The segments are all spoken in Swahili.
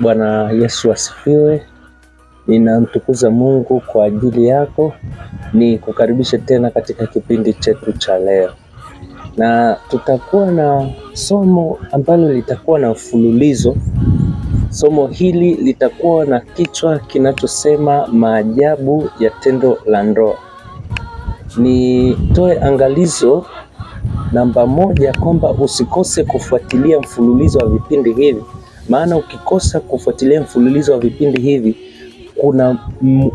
Bwana Yesu asifiwe. Ninamtukuza Mungu kwa ajili yako, ni kukaribisha tena katika kipindi chetu cha leo, na tutakuwa na somo ambalo litakuwa na mfululizo. Somo hili litakuwa na kichwa kinachosema maajabu ya tendo la ndoa. Nitoe angalizo namba moja kwamba usikose kufuatilia mfululizo wa vipindi hivi maana ukikosa kufuatilia mfululizo wa vipindi hivi kuna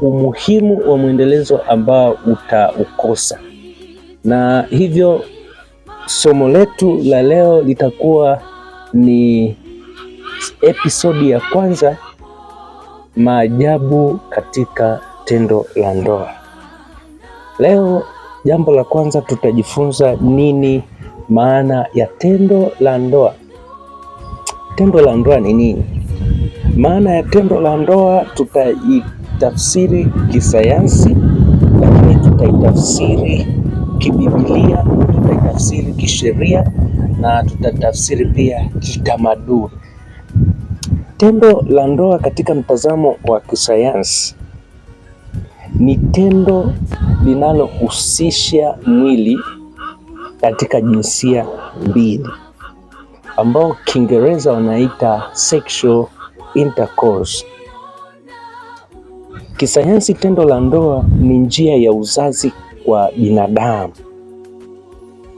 umuhimu wa mwendelezo ambao utaukosa, na hivyo somo letu la leo litakuwa ni episodi ya kwanza, maajabu katika tendo la ndoa. Leo jambo la kwanza tutajifunza nini maana ya tendo la ndoa tendo la ndoa ni nini? Maana ya tendo la ndoa tutaitafsiri kisayansi, lakini tutaitafsiri kibibilia, tutaitafsiri kisheria na tutatafsiri pia kitamaduni. Tendo la ndoa katika mtazamo wa kisayansi ni tendo linalohusisha mwili katika jinsia mbili ambao Kiingereza wanaita sexual intercourse. Kisayansi, tendo la ndoa ni njia ya uzazi kwa binadamu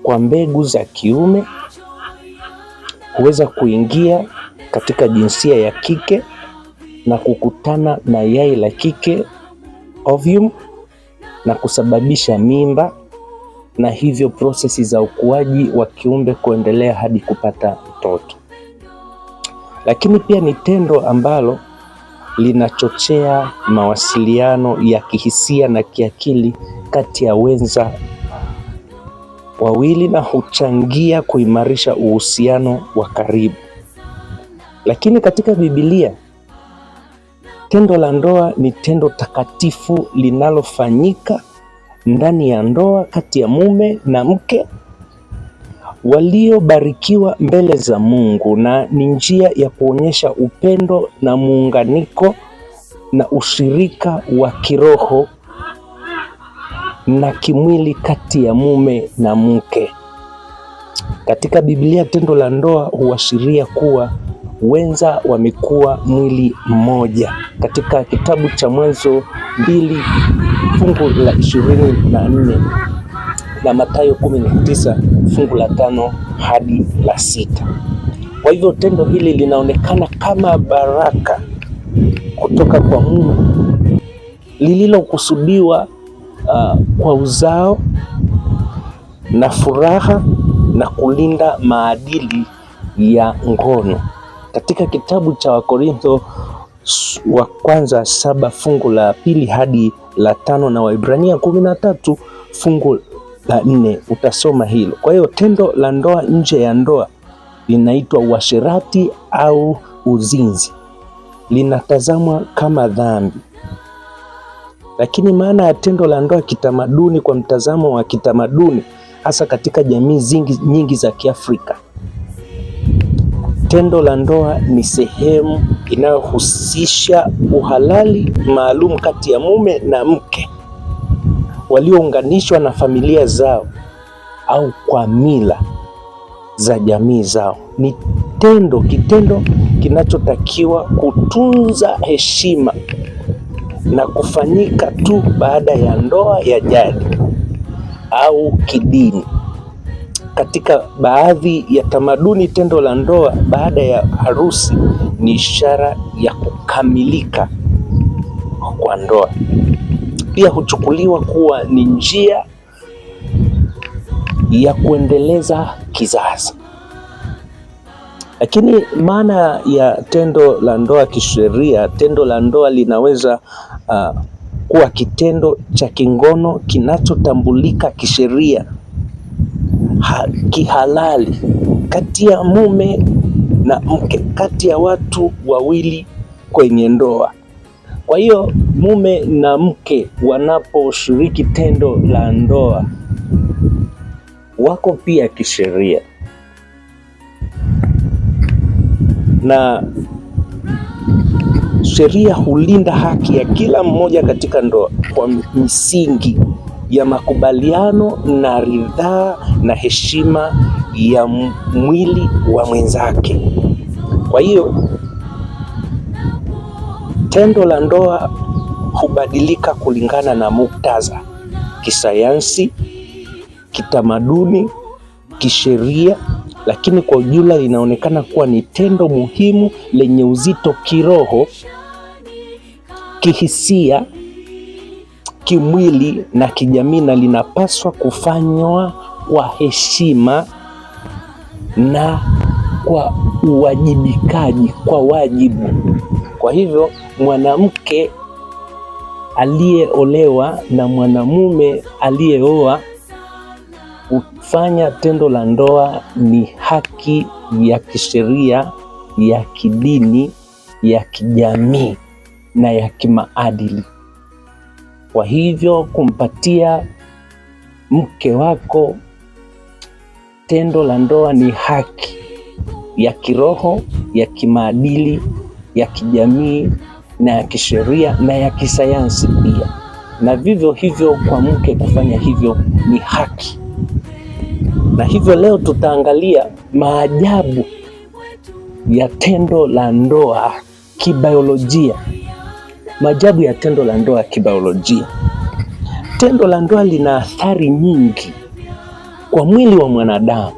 kwa mbegu za kiume huweza kuingia katika jinsia ya kike na kukutana na yai la kike ovum na kusababisha mimba na hivyo prosesi za ukuaji wa kiumbe kuendelea hadi kupata mtoto. Lakini pia ni tendo ambalo linachochea mawasiliano ya kihisia na kiakili kati ya wenza wawili na huchangia kuimarisha uhusiano wa karibu. Lakini katika Biblia tendo la ndoa ni tendo takatifu linalofanyika ndani ya ndoa kati ya mume na mke waliobarikiwa mbele za Mungu na ni njia ya kuonyesha upendo na muunganiko na ushirika wa kiroho na kimwili kati ya mume na mke. Katika Biblia, tendo la ndoa huashiria kuwa wenza wamekuwa mwili mmoja. Katika kitabu cha Mwanzo mbili fungu la ishirini na nne na Mathayo kumi na tisa fungu la tano hadi la sita. Kwa hivyo tendo hili linaonekana kama baraka kutoka kwa Mungu lililokusudiwa uh, kwa uzao na furaha na kulinda maadili ya ngono. Katika kitabu cha Wakorintho wa kwanza saba fungu la pili hadi la tano na Waibrania kumi na tatu fungu la nne utasoma hilo. Kwa hiyo tendo la ndoa nje ya ndoa linaitwa uasherati au uzinzi, linatazamwa kama dhambi. Lakini maana ya tendo la ndoa kitamaduni, kwa mtazamo wa kitamaduni, hasa katika jamii nyingi za Kiafrika, Tendo la ndoa ni sehemu inayohusisha uhalali maalum kati ya mume na mke waliounganishwa na familia zao au kwa mila za jamii zao. Ni tendo kitendo kinachotakiwa kutunza heshima na kufanyika tu baada ya ndoa ya jadi au kidini katika baadhi ya tamaduni tendo la ndoa baada ya harusi ni ishara ya kukamilika kwa ndoa. Pia huchukuliwa kuwa ni njia ya kuendeleza kizazi. Lakini maana ya tendo la ndoa kisheria, tendo la ndoa linaweza uh, kuwa kitendo cha kingono kinachotambulika kisheria kihalali kati ya mume na mke, kati ya watu wawili kwenye ndoa. Kwa hiyo mume na mke wanaposhiriki tendo la ndoa wako pia kisheria, na sheria hulinda haki ya kila mmoja katika ndoa kwa misingi ya makubaliano na ridhaa na heshima ya mwili wa mwenzake. Kwa hiyo tendo la ndoa hubadilika kulingana na muktadha kisayansi, kitamaduni, kisheria, lakini kwa ujumla linaonekana kuwa ni tendo muhimu lenye uzito kiroho, kihisia kimwili na kijamii na linapaswa kufanywa kwa heshima na kwa uwajibikaji, kwa wajibu. Kwa hivyo mwanamke aliyeolewa na mwanamume aliyeoa kufanya tendo la ndoa ni haki ya kisheria, ya kidini, ya kijamii na ya kimaadili. Kwa hivyo kumpatia mke wako tendo la ndoa ni haki ya kiroho, ya kimaadili, ya kijamii na ya kisheria na ya kisayansi pia, na vivyo hivyo kwa mke kufanya hivyo ni haki. Na hivyo leo tutaangalia maajabu ya tendo la ndoa kibiolojia. Maajabu ya tendo la ndoa ya kibiolojia. Tendo la ndoa lina athari nyingi kwa mwili wa mwanadamu.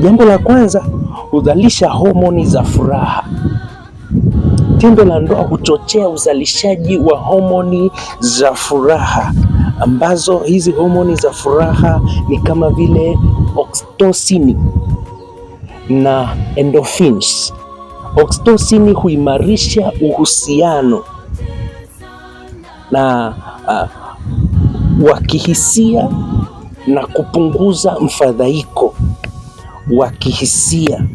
Jambo la kwanza, huzalisha homoni za furaha. Tendo la ndoa huchochea uzalishaji wa homoni za furaha, ambazo hizi homoni za furaha ni kama vile oksitosini na endorphins. Oxytocin huimarisha uhusiano na uh, wa kihisia na kupunguza mfadhaiko wa kihisia.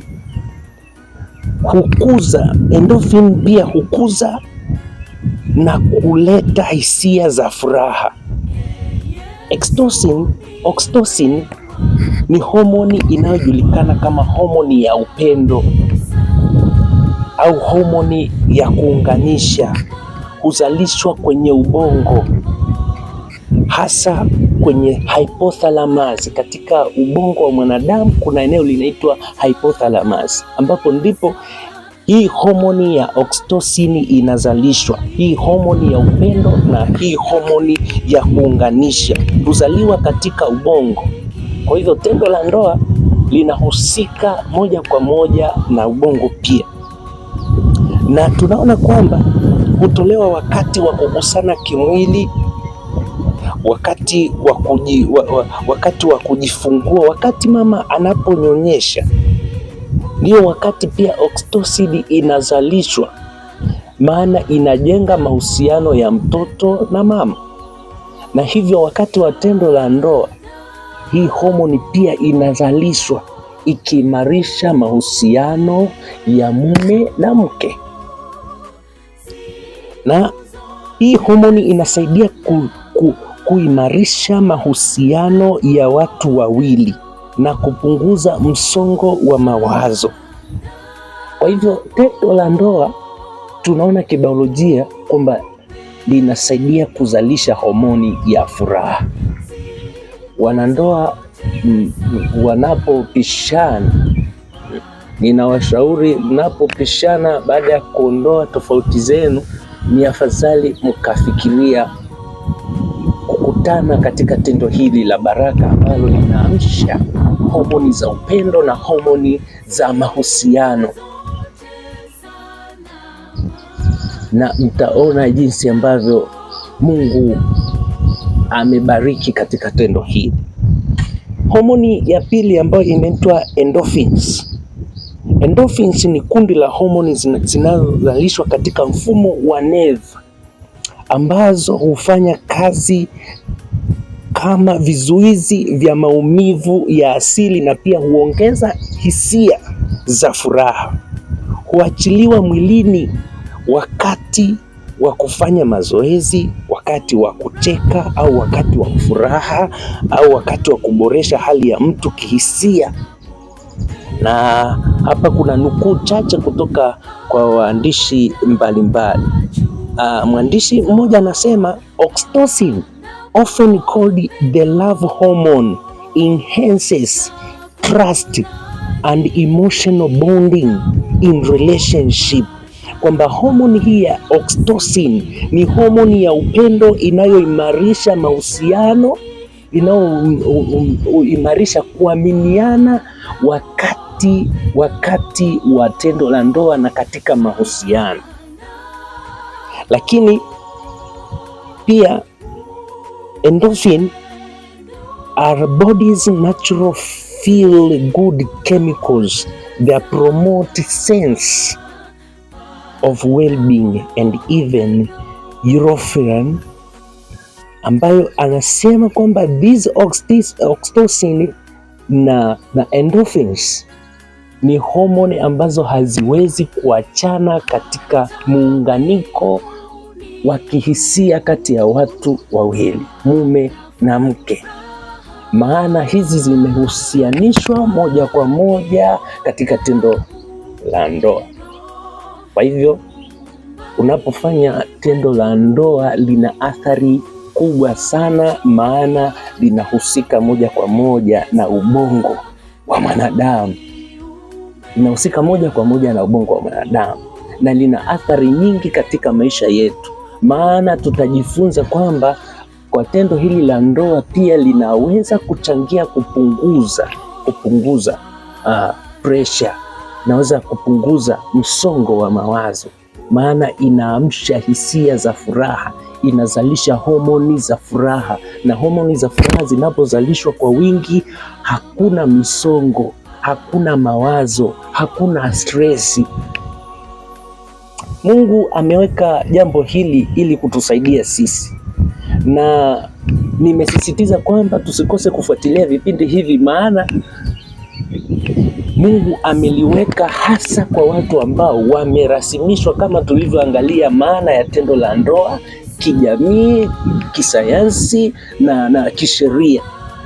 Hukuza endorphin, pia hukuza na kuleta hisia za furaha. Oxytocin, oxytocin ni homoni inayojulikana kama homoni ya upendo au homoni ya kuunganisha huzalishwa kwenye ubongo, hasa kwenye hypothalamus. Katika ubongo wa mwanadamu kuna eneo linaitwa hypothalamus, ambapo ndipo hii homoni ya oksitosini inazalishwa, hii homoni ya upendo na hii homoni ya kuunganisha huzaliwa katika ubongo. Kwa hivyo tendo la ndoa linahusika moja kwa moja na ubongo pia na tunaona kwamba hutolewa wakati wa kugusana kimwili, wakati wa kuji, wa, wa, wakati wa kujifungua, wakati mama anaponyonyesha, ndiyo wakati pia oxytocin inazalishwa, maana inajenga mahusiano ya mtoto na mama, na hivyo wakati wa tendo la ndoa hii homoni pia inazalishwa ikiimarisha mahusiano ya mume na mke na hii homoni inasaidia ku, ku, kuimarisha mahusiano ya watu wawili na kupunguza msongo wa mawazo. Kwa hivyo tendo la ndoa tunaona kibiolojia kwamba linasaidia kuzalisha homoni ya furaha. Wanandoa wanapopishana, ninawashauri mnapopishana, baada ya kuondoa tofauti zenu ni afadhali mkafikiria kukutana katika tendo hili la baraka ambalo linaamsha homoni za upendo na homoni za mahusiano, na mtaona jinsi ambavyo Mungu amebariki katika tendo hili. Homoni ya pili ambayo inaitwa endorphins Endorphins ni kundi la homoni zinazozalishwa katika mfumo wa neva ambazo hufanya kazi kama vizuizi vya maumivu ya asili na pia huongeza hisia za furaha. Huachiliwa mwilini wakati wa kufanya mazoezi, wakati wa kucheka au wakati wa furaha au wakati wa kuboresha hali ya mtu kihisia na hapa kuna nukuu chache kutoka kwa waandishi mbalimbali. Uh, mwandishi mmoja anasema oxytocin often called the love hormone enhances trust and emotional bonding in relationship, kwamba homoni hii ya oxytocin ni homoni ya upendo inayoimarisha mahusiano, inayoimarisha kuaminiana wakati wakati, wakati wa tendo la ndoa na katika mahusiano. Lakini pia endorphin are body's natural feel good chemicals that promote sense of well-being and even euphorian ambayo anasema kwamba these oxytocin na, na endorphins ni homoni ambazo haziwezi kuachana katika muunganiko wa kihisia kati ya watu wawili, mume na mke. Maana hizi zimehusianishwa moja kwa moja katika tendo la ndoa. Kwa hivyo unapofanya tendo la ndoa lina athari kubwa sana, maana linahusika moja kwa moja na ubongo wa mwanadamu linahusika moja kwa moja na ubongo wa mwanadamu na lina athari nyingi katika maisha yetu, maana tutajifunza kwamba kwa tendo hili la ndoa pia linaweza kuchangia kupunguza kupunguza uh, ah, presha, naweza kupunguza msongo wa mawazo, maana inaamsha hisia za furaha, inazalisha homoni za furaha, na homoni za furaha zinapozalishwa kwa wingi, hakuna misongo hakuna mawazo, hakuna stresi. Mungu ameweka jambo hili ili kutusaidia sisi, na nimesisitiza kwamba tusikose kufuatilia vipindi hivi, maana Mungu ameliweka hasa kwa watu ambao wamerasimishwa, kama tulivyoangalia maana ya tendo la ndoa kijamii, kisayansi na, na kisheria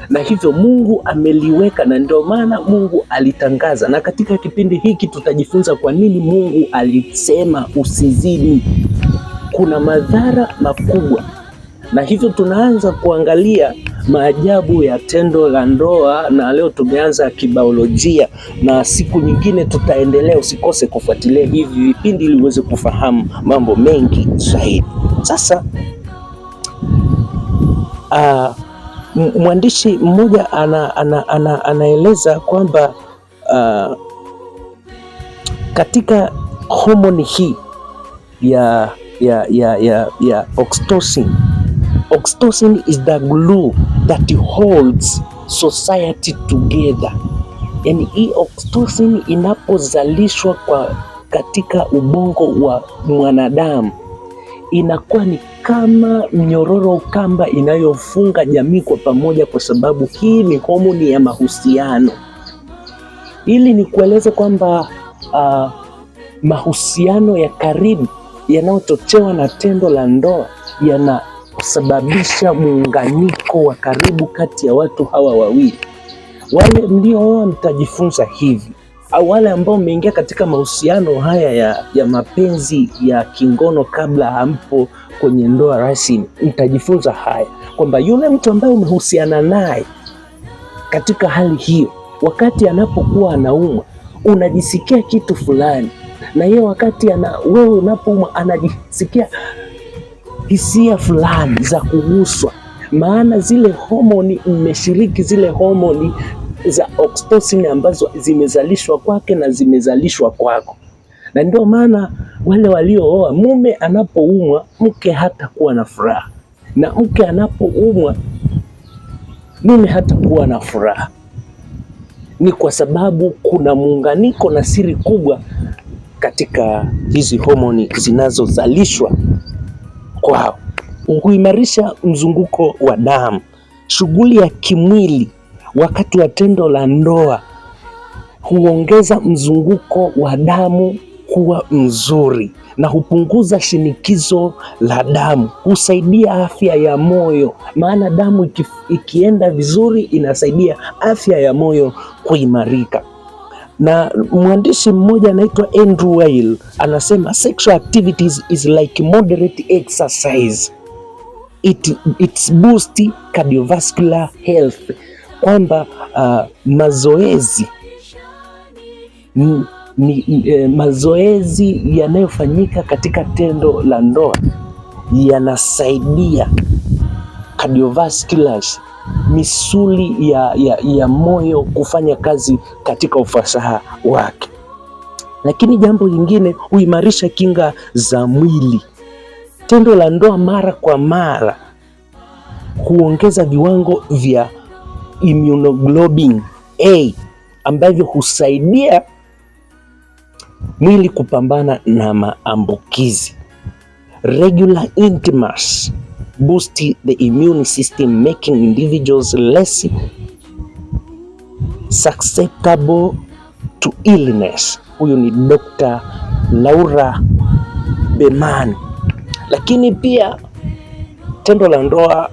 na hivyo Mungu ameliweka, na ndio maana Mungu alitangaza. Na katika kipindi hiki tutajifunza kwa nini Mungu alisema usizini. Kuna madhara makubwa, na hivyo tunaanza kuangalia maajabu ya tendo la ndoa, na leo tumeanza kibaolojia na siku nyingine tutaendelea. Usikose kufuatilia hivi vipindi ili uweze kufahamu mambo mengi zaidi. Sasa uh, mwandishi mmoja ana, ana, ana, anaeleza kwamba uh, katika homoni hii ya ya ya ya, ya oxytocin. Oxytocin is the glue that holds society together. Yani hii oxytocin inapozalishwa kwa katika ubongo wa mwanadamu inakuwa ni kama mnyororo kamba inayofunga jamii kwa pamoja, kwa sababu hii ni homoni ya mahusiano. Ili ni kueleza kwamba uh, mahusiano ya karibu yanayochochewa na tendo la ndoa yanasababisha muunganiko wa karibu kati ya watu hawa wawili. Wale mlioa mtajifunza hivi au wale ambao mmeingia katika mahusiano haya ya, ya mapenzi ya kingono kabla hampo kwenye ndoa rasmi, mtajifunza haya kwamba yule mtu ambaye umehusiana naye katika hali hiyo, wakati anapokuwa anaumwa unajisikia kitu fulani, na yeye wakati ana, wewe unapouma anajisikia hisia fulani za kuguswa maana zile homoni mmeshiriki zile homoni za oxytocin ambazo zimezalishwa kwake na zimezalishwa kwako, na ndio maana wale waliooa, mume anapoumwa mke hata kuwa na furaha, na mke anapoumwa mume hata kuwa na furaha. Ni kwa sababu kuna muunganiko na siri kubwa katika hizi homoni zinazozalishwa kwao. Huimarisha mzunguko wa damu, shughuli ya kimwili wakati wa tendo la ndoa huongeza mzunguko wa damu kuwa mzuri na hupunguza shinikizo la damu, husaidia afya ya moyo, maana damu iki, ikienda vizuri inasaidia afya ya moyo kuimarika. Na mwandishi mmoja anaitwa Andrew Weil anasema sexual activities is like moderate exercise. It, it's boost cardiovascular health kwamba uh, mazoezi ni, eh, mazoezi yanayofanyika katika tendo la ndoa yanasaidia cardiovasculars misuli ya, ya, ya moyo kufanya kazi katika ufasaha wake. Lakini jambo lingine, huimarisha kinga za mwili. Tendo la ndoa mara kwa mara huongeza viwango vya immunoglobulin A ambavyo husaidia mwili kupambana na maambukizi. Regular intimacy boost the immune system making individuals less susceptible to illness. Huyu ni Dr. Laura Beman. Lakini pia tendo la ndoa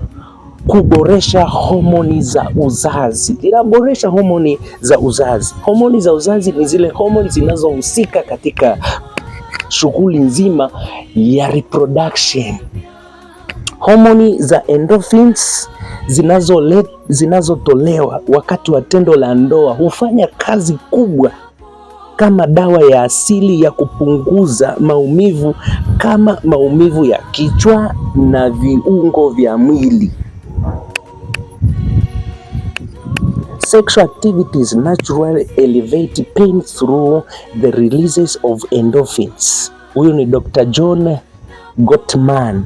kuboresha homoni za uzazi, inaboresha homoni za uzazi. Homoni za uzazi ni zile homoni zinazohusika katika shughuli nzima ya reproduction. Homoni za endorphins zinazotolewa zinazotolewa wakati wa tendo la ndoa hufanya kazi kubwa kama dawa ya asili ya kupunguza maumivu kama maumivu ya kichwa na viungo vya mwili. Sexual activities naturally elevate pain through the releases of endorphins. Huyu ni Dr. John Gottman.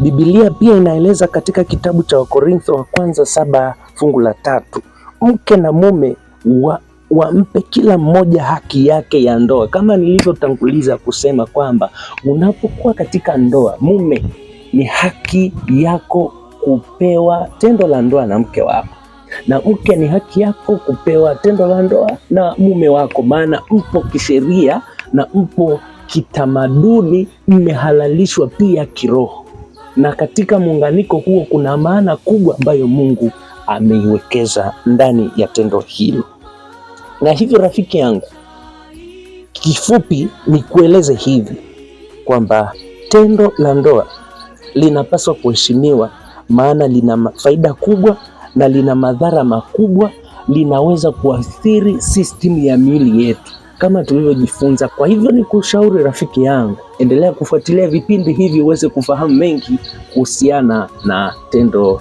Biblia pia inaeleza katika kitabu cha Wakorintho wa kwanza saba fungu la tatu, mke na mume wa wampe kila mmoja haki yake ya ndoa, kama nilivyotanguliza kusema kwamba unapokuwa katika ndoa, mume ni haki yako kupewa tendo la ndoa na mke wako na mke, ni haki yako kupewa tendo la ndoa na mume wako, maana mpo kisheria na mpo kitamaduni, mmehalalishwa pia kiroho. Na katika muunganiko huo kuna maana kubwa ambayo Mungu ameiwekeza ndani ya tendo hilo. Na hivyo rafiki yangu, kifupi ni kueleze hivi kwamba tendo la ndoa linapaswa kuheshimiwa, maana lina faida kubwa na lina madhara makubwa, linaweza kuathiri system ya miili yetu kama tulivyojifunza. Kwa hivyo ni kushauri rafiki yangu, endelea kufuatilia vipindi hivi uweze kufahamu mengi kuhusiana na tendo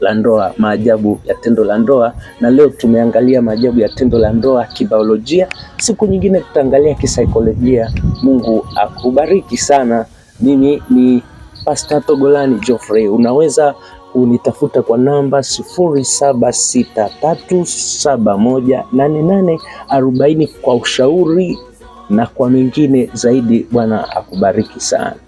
la ndoa, maajabu ya tendo la ndoa. Na leo tumeangalia maajabu ya tendo la ndoa kibiolojia, siku nyingine tutaangalia kisaikolojia. Mungu akubariki sana. Mimi ni Pastor Togolani Geoffrey, unaweza kunitafuta kwa namba 0763718840 kwa ushauri na kwa mengine zaidi. Bwana akubariki sana.